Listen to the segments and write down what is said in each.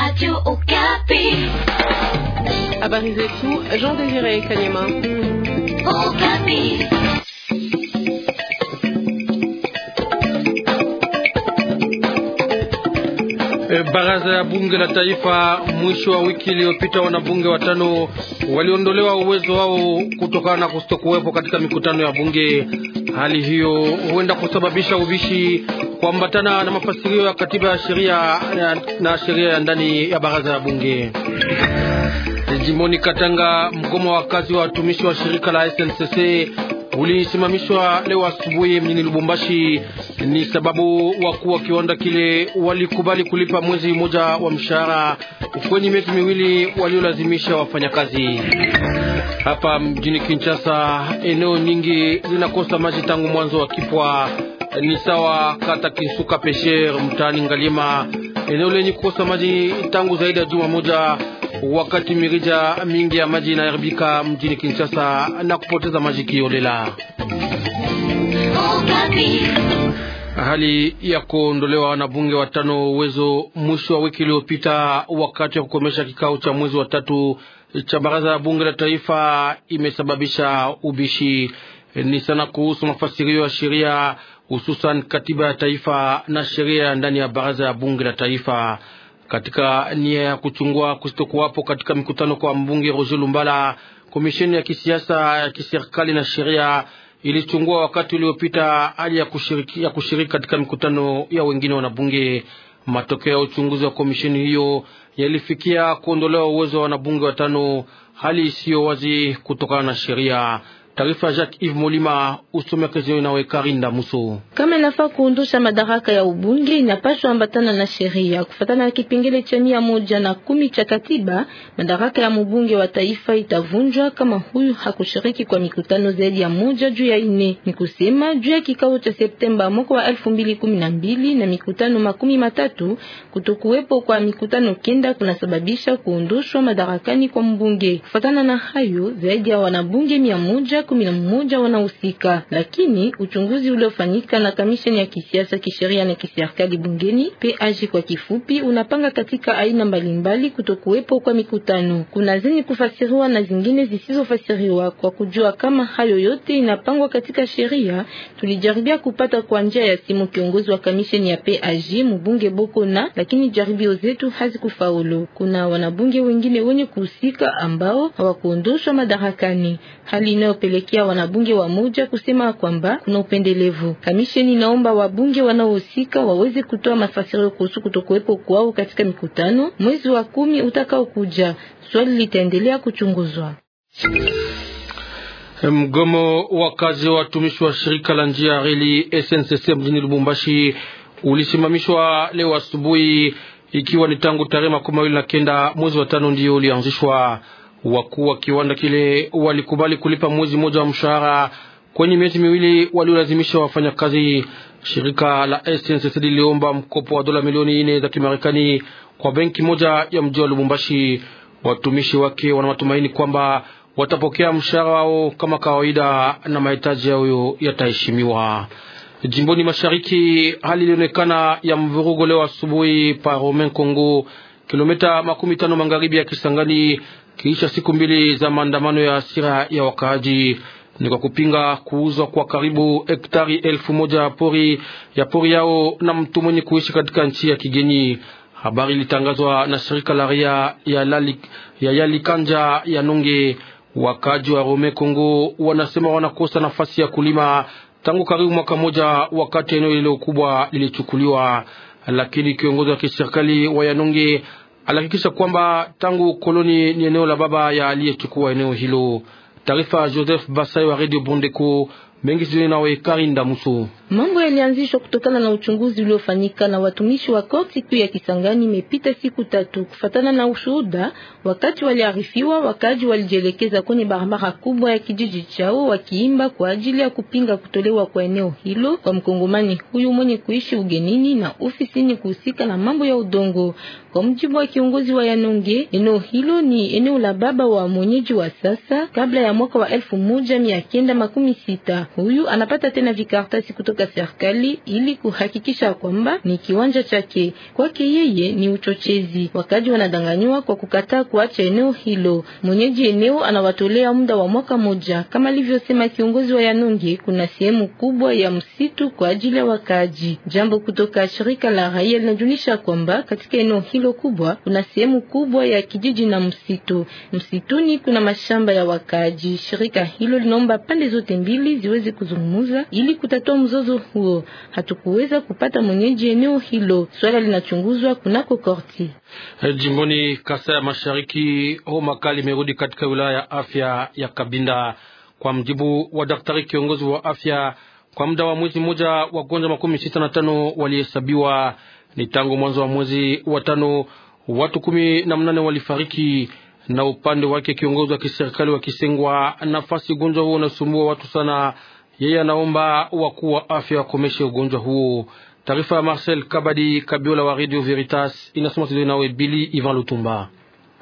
Radio Okapi. Habari zetu Jean Désiré Kanyama. Okapi. Eh, baraza ya bunge la taifa mwisho wa wiki iliyopita, wanabunge watano waliondolewa uwezo wao kutokana na kustokuwepo katika mikutano ya bunge. Hali hiyo huenda kusababisha ubishi kuambatana na mafasirio ya katiba ya sheria na sheria ya ndani ya baraza ya bunge. Jimboni Katanga, mgomo wa kazi wa watumishi wa shirika la SNCC ulisimamishwa leo asubuhi mjini Lubumbashi. Ni sababu wakuu wa kiwanda kile walikubali kulipa mwezi mmoja wa mshahara kwenye miezi miwili waliolazimisha wafanyakazi. Hapa mjini Kinshasa, eneo nyingi zinakosa maji tangu mwanzo wa kipwa ni sawa kata Kinsuka Pesher mtaani ngalima eneo lenye kukosa maji tangu zaidi ya juma moja wakati mirija mingi ya maji inaharibika mjini Kinshasa na kupoteza maji kiolela. Hali ya kuondolewa bunge watano uwezo mwisho wa wiki iliyopita wakati wa kukomesha kikao cha mwezi wa tatu cha baraza la bunge la taifa imesababisha ubishi ni sana kuhusu mafasirio ya sheria hususan katiba ya taifa na sheria ndani ya baraza ya bunge la taifa katika nia ya kuchungua kusitokuwapo katika mikutano kwa mbunge Roger Lumbala. Komisheni ya kisiasa ya kiserikali na sheria ilichungua wakati uliopita hali ya kushiriki, ya kushiriki katika mikutano ya wengine wanabunge. Matokeo ya uchunguzi wa komisheni hiyo yalifikia kuondolewa uwezo wa wanabunge watano, hali isiyo wazi kutokana na sheria. Taarifa Jacques Yves Molima usome kazi usomekezo nawe Karinda Muso. Kama inafaa kuondosha madaraka ya ubunge inapaswa ambatana na sheria kufatana na kipengele cha mia moja na kumi cha katiba. Madaraka ya mbunge wa taifa itavunjwa kama huyu hakushiriki kwa mikutano zaidi ya moja juu ya ine, ni kusema juu ya kikao cha Septemba mwaka wa elfu mbili kumi na mbili na mikutano makumi matatu. Kutokuwepo kwa mikutano kenda kunasababisha kuondoshwa madarakani kwa mbunge. Kufatana na hayo zaidi ya wanabunge mia moja kumi na mmoja wanahusika, lakini uchunguzi uliofanyika na kamisheni ya kisiasa, kisheria na kiserikali bungeni PAG kwa kifupi, unapanga katika aina mbalimbali kutokuwepo kwa mikutano, kuna zenye kufasiriwa na zingine zisizofasiriwa. Kwa kujua kama hayo yote inapangwa katika sheria, tulijaribia kupata kwa njia ya simu kiongozi wa kamisheni ya PAG mbunge Boko na, lakini jaribio zetu hazikufaulu. Kuna wanabunge wengine wenye kuhusika ambao hawakuondoshwa madarakani, hali inayo kupelekea wanabunge wa moja kusema kwamba kuna upendelevu. Kamisheni inaomba wabunge wanaohusika waweze kutoa mafasirio kuhusu kutokuwepo kwao katika mikutano mwezi wa kumi utakaokuja. Swali litaendelea kuchunguzwa. Mgomo wa kazi wa watumishi wa shirika la njia ya reli SNCC mjini Lubumbashi ulisimamishwa leo asubuhi, ikiwa ni tangu tarehe makumi mawili na kenda mwezi wa tano ndio ulianzishwa. Wakuu wa kiwanda kile walikubali kulipa mwezi mmoja wa mshahara kwenye miezi miwili waliolazimisha wafanyakazi. Shirika la SNCC liliomba mkopo wa dola milioni nne za Kimarekani kwa benki moja ya mji wa Lubumbashi. Watumishi wake wana matumaini kwamba watapokea mshahara wao kama kawaida na mahitaji yao yataheshimiwa. Jimboni mashariki, hali ilionekana ya mvurugo leo asubuhi pa Romain Kongo, kilomita makumi tano magharibi ya Kisangani kisha siku mbili za maandamano ya asira ya wakaaji ni kwa kupinga kuuzwa kwa karibu hektari elfu moja pori ya pori yao na mtu mwenye kuishi katika nchi ya kigeni. Habari ilitangazwa na shirika la raia ya Lali, ya Yalikanja ya Nonge. Wakaji wa Rome Kongo wanasema wanakosa nafasi ya kulima tangu karibu mwaka moja, wakati eneo lilo kubwa lilichukuliwa. Lakini kiongozi wa kiserikali wa Yanonge alihakikisha kwamba tangu koloni ni eneo la baba ya aliyechukua eneo hilo. Taarifa Joseph Basai wa Radio Bondeko mengi nawe Karinda Muso. Mambo yalianzishwa kutokana na uchunguzi uliofanyika na watumishi wa korti kuu ya Kisangani imepita siku tatu. Kufatana na ushuhuda, wakati waliarifiwa, wakaji walijielekeza kwenye barabara kubwa ya kijiji chao wakiimba kwa ajili ya kupinga kutolewa kwa eneo hilo kwa mkongomani huyu mwenye kuishi ugenini na ofisini kuhusika na mambo ya udongo. Kwa mjibu wa kiongozi wa Yanonge, eneo hilo ni eneo la baba wa mwenyeji wa sasa kabla ya mwaka wa elfu moja mia kenda makumi sita huyu anapata tena vikaratasi kutoka serikali ili kuhakikisha kwamba ni kiwanja chake. Kwake yeye ni uchochezi, wakaji wanadanganywa kwa kukataa kuacha eneo hilo. Mwenyeji eneo anawatolea muda wa mwaka moja, kama alivyosema kiongozi wa Yanunge. Kuna sehemu kubwa ya msitu kwa ajili ya wakaji. Jambo kutoka shirika la raia linajulisha kwamba katika eneo hilo kubwa kuna sehemu kubwa ya kijiji na msitu. Msituni kuna mashamba ya wakaji. Shirika hilo linaomba pande zote mbili ziwe waweze kuzungumza ili kutatua mzozo huo. Hatukuweza kupata mwenyeji eneo hilo, swala linachunguzwa kunako korti eh, jimboni Kasa ya Mashariki. Homa kali imerudi katika wilaya ya afya ya Kabinda kwa mjibu wa daktari kiongozi wa afya kwa muda wa mwezi mmoja, wagonjwa makumi sita na tano walihesabiwa. Ni tangu mwanzo wa mwezi wa tano, watu kumi na mnane walifariki na upande wake kiongozi wa kiserikali Kisengwa nafasi ugonjwa huo unasumbua watu sana. Yeye anaomba wakuu wa afya wakomeshe ugonjwa huo. Taarifa ya Marcel Kabadi Kabiola wa Radio Veritas inasoma nawe Bili Ivan Lutumba.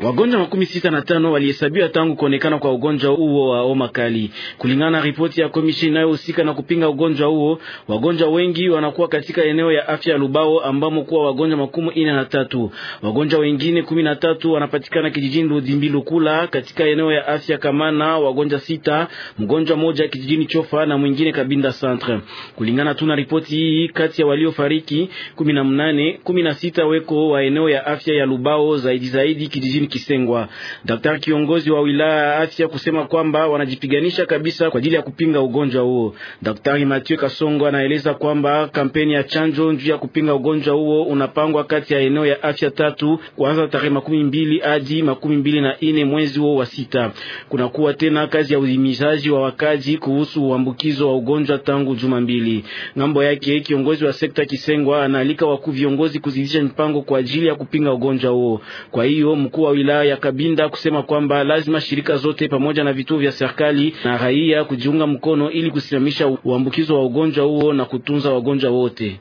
Wagonjwa makumi sita na tano walihesabiwa tangu kuonekana kwa ugonjwa huo wa homa kali, kulingana na ripoti ya komishini inayohusika na kupinga ugonjwa huo. Wagonjwa wengi wanakuwa katika eneo ya afya ya Lubao ambamo kuwa wagonjwa makumi ine na tatu. Wagonjwa wengine kumi na tatu wanapatikana kijijini Ludimbilukula katika eneo ya afya Kamana, wagonjwa sita, mgonjwa moja kijijini Chofa na mwingine Kabinda Centre. Kulingana tu na ripoti hii, kati ya waliofariki kumi na mnane, kumi na sita weko wa eneo ya afya ya Lubao, zaidi zaidi kijijini mjini Kisengwa, daktari kiongozi wa wilaya ya afya, kusema kwamba wanajipiganisha kabisa kwa ajili ya kupinga ugonjwa huo. Daktari Mathieu Kasongo anaeleza kwamba kampeni ya chanjo juu ya kupinga ugonjwa huo unapangwa kati ya eneo ya afya tatu kuanza tarehe makumi mbili hadi makumi mbili na ine mwezi huo wa sita. Kunakuwa tena kazi ya uhimizaji wa wakazi kuhusu uambukizo wa ugonjwa tangu juma mbili. Ngambo yake kiongozi wa sekta Kisengwa anaalika wakuu viongozi kuzidisha mipango kwa ajili ya kupinga ugonjwa huo. Kwa hiyo mkuu wa wilaya ya Kabinda kusema kwamba lazima shirika zote pamoja na vituo vya serikali na raia kujiunga mkono ili kusimamisha uambukizo wa ugonjwa huo na kutunza wagonjwa wote.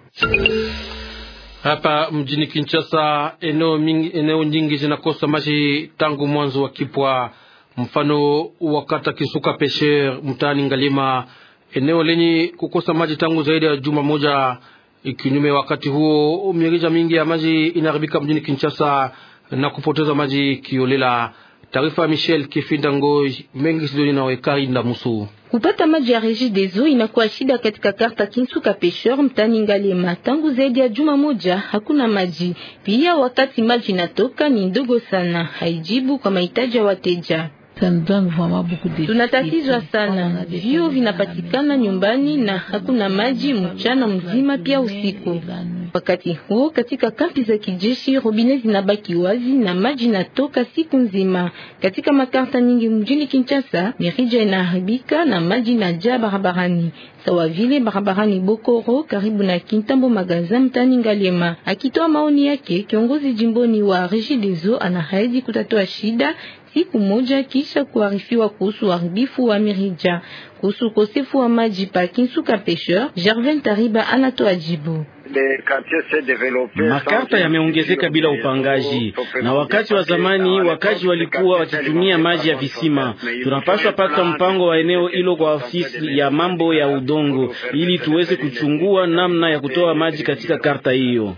Hapa mjini Kinshasa, eneo, mingi, eneo nyingi zinakosa maji tangu mwanzo wa kipwa, mfano wakata Kisuka Pesher mtaani Ngalima, eneo lenye kukosa maji tangu zaidi ya juma moja. Ikinyume wakati huo mirija mingi ya maji inaharibika mjini Kinshasa na kupoteza maji kiolela. Taarifa ya Michel Kifinda Ngoi mengi sidoni wekari nda Musu. Kupata maji ya dezo inakuwa shida katika karta Kinsuka Pesheur mtani Ngalema tangu zaidi ya juma moja, hakuna maji. Pia wakati maji natoka ni ndogo sana, haijibu kwa mahitaji ya wateja. Tunatatizwa sana, vio vinapatikana nyumbani na hakuna maji mchana mzima, pia usiku. Wakati huo katika kampi za kijeshi robine zinabaki wazi na maji toka siku nzima. Katika makarta nyingi mjini Kinshasa, mirija inaharibika na maji na jaa barabarani, sawa vile barabarani Bokoro karibu na Kintambo Magaza mtani Ngalema. Akitoa maoni yake, kiongozi jimboni wa Regideso anahaidi kutatoa shida siku moja kisha kuarifiwa kuhusu uharibifu wa mirija. Kuhusu ukosefu wa maji pa Kinsuka Pêcheur, Gervain Tariba anatoa jibu. Makarta yameongezeka bila upangaji, na wakati wa zamani wakaji walikuwa wakitumia maji ya visima. Tunapaswa pata mpango wa eneo hilo kwa ofisi ya mambo ya udongo, ili tuweze kuchungua namna ya kutoa maji katika karta hiyo.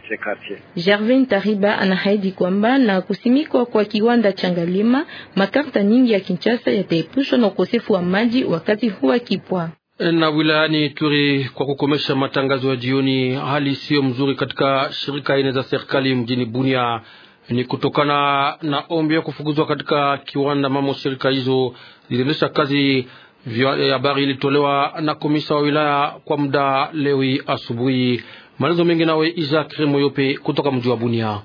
Gervin Tariba anahaidi kwamba na kusimikwa kwa kiwanda cha Ngalima, makarta nyingi ya Kinshasa yataepushwa na ukosefu wa maji wakati huwa kipwa na wilayani Turi kwa kukomesha matangazo ya jioni. Hali siyo mzuri katika shirika ine za serikali mjini Bunia ni kutokana na ombi ya kufukuzwa katika kiwanda mamo. Shirika hizo ziliendesha kazi. Habari ilitolewa na komisa wa wilaya kwa muda lewi asubuhi. Maelezo mengi nawe Isaac Remoyope kutoka mji wa Bunia.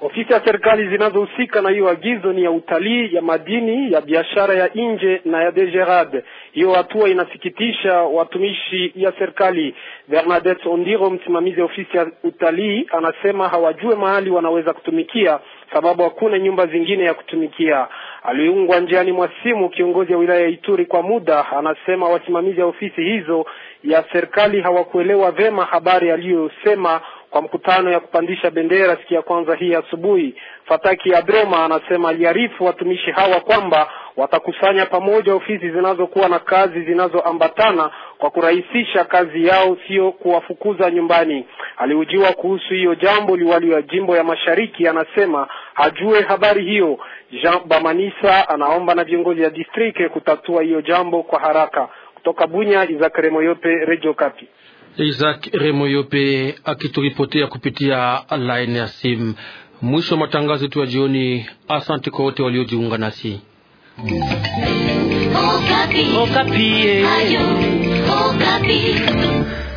Ofisi ya serikali zinazohusika na hiyo agizo ni ya utalii, ya madini, ya biashara ya nje na ya dejerad. Hiyo hatua inasikitisha watumishi ya serikali. Bernadette Ondiro, msimamizi wa ofisi ya utalii, anasema hawajue mahali wanaweza kutumikia sababu hakuna nyumba zingine ya kutumikia. Aliungwa njiani mwa simu kiongozi wa wilaya ya Ituri kwa muda, anasema wasimamizi wa ofisi hizo ya serikali hawakuelewa vema habari aliyosema kwa mkutano ya kupandisha bendera siku ya kwanza hii asubuhi. Fataki adroma anasema aliarifu watumishi hawa kwamba watakusanya pamoja ofisi zinazokuwa na kazi zinazoambatana kwa kurahisisha kazi yao, sio kuwafukuza nyumbani. Aliujiwa kuhusu hiyo jambo, liwali wa jimbo ya Mashariki anasema hajue habari hiyo. Jean Bamanisa anaomba na viongozi ya district kutatua hiyo jambo kwa haraka. Kutoka Bunya, Izakare Moyope, Radio Kapi. Isaac Remoyo pe akituripotea kupitia line ya simu. Mwisho wa matangazo yetu ya jioni. Asante kwa wote waliojiunga nasi Okapi. Okapi. Eh. Ayo. Okapi.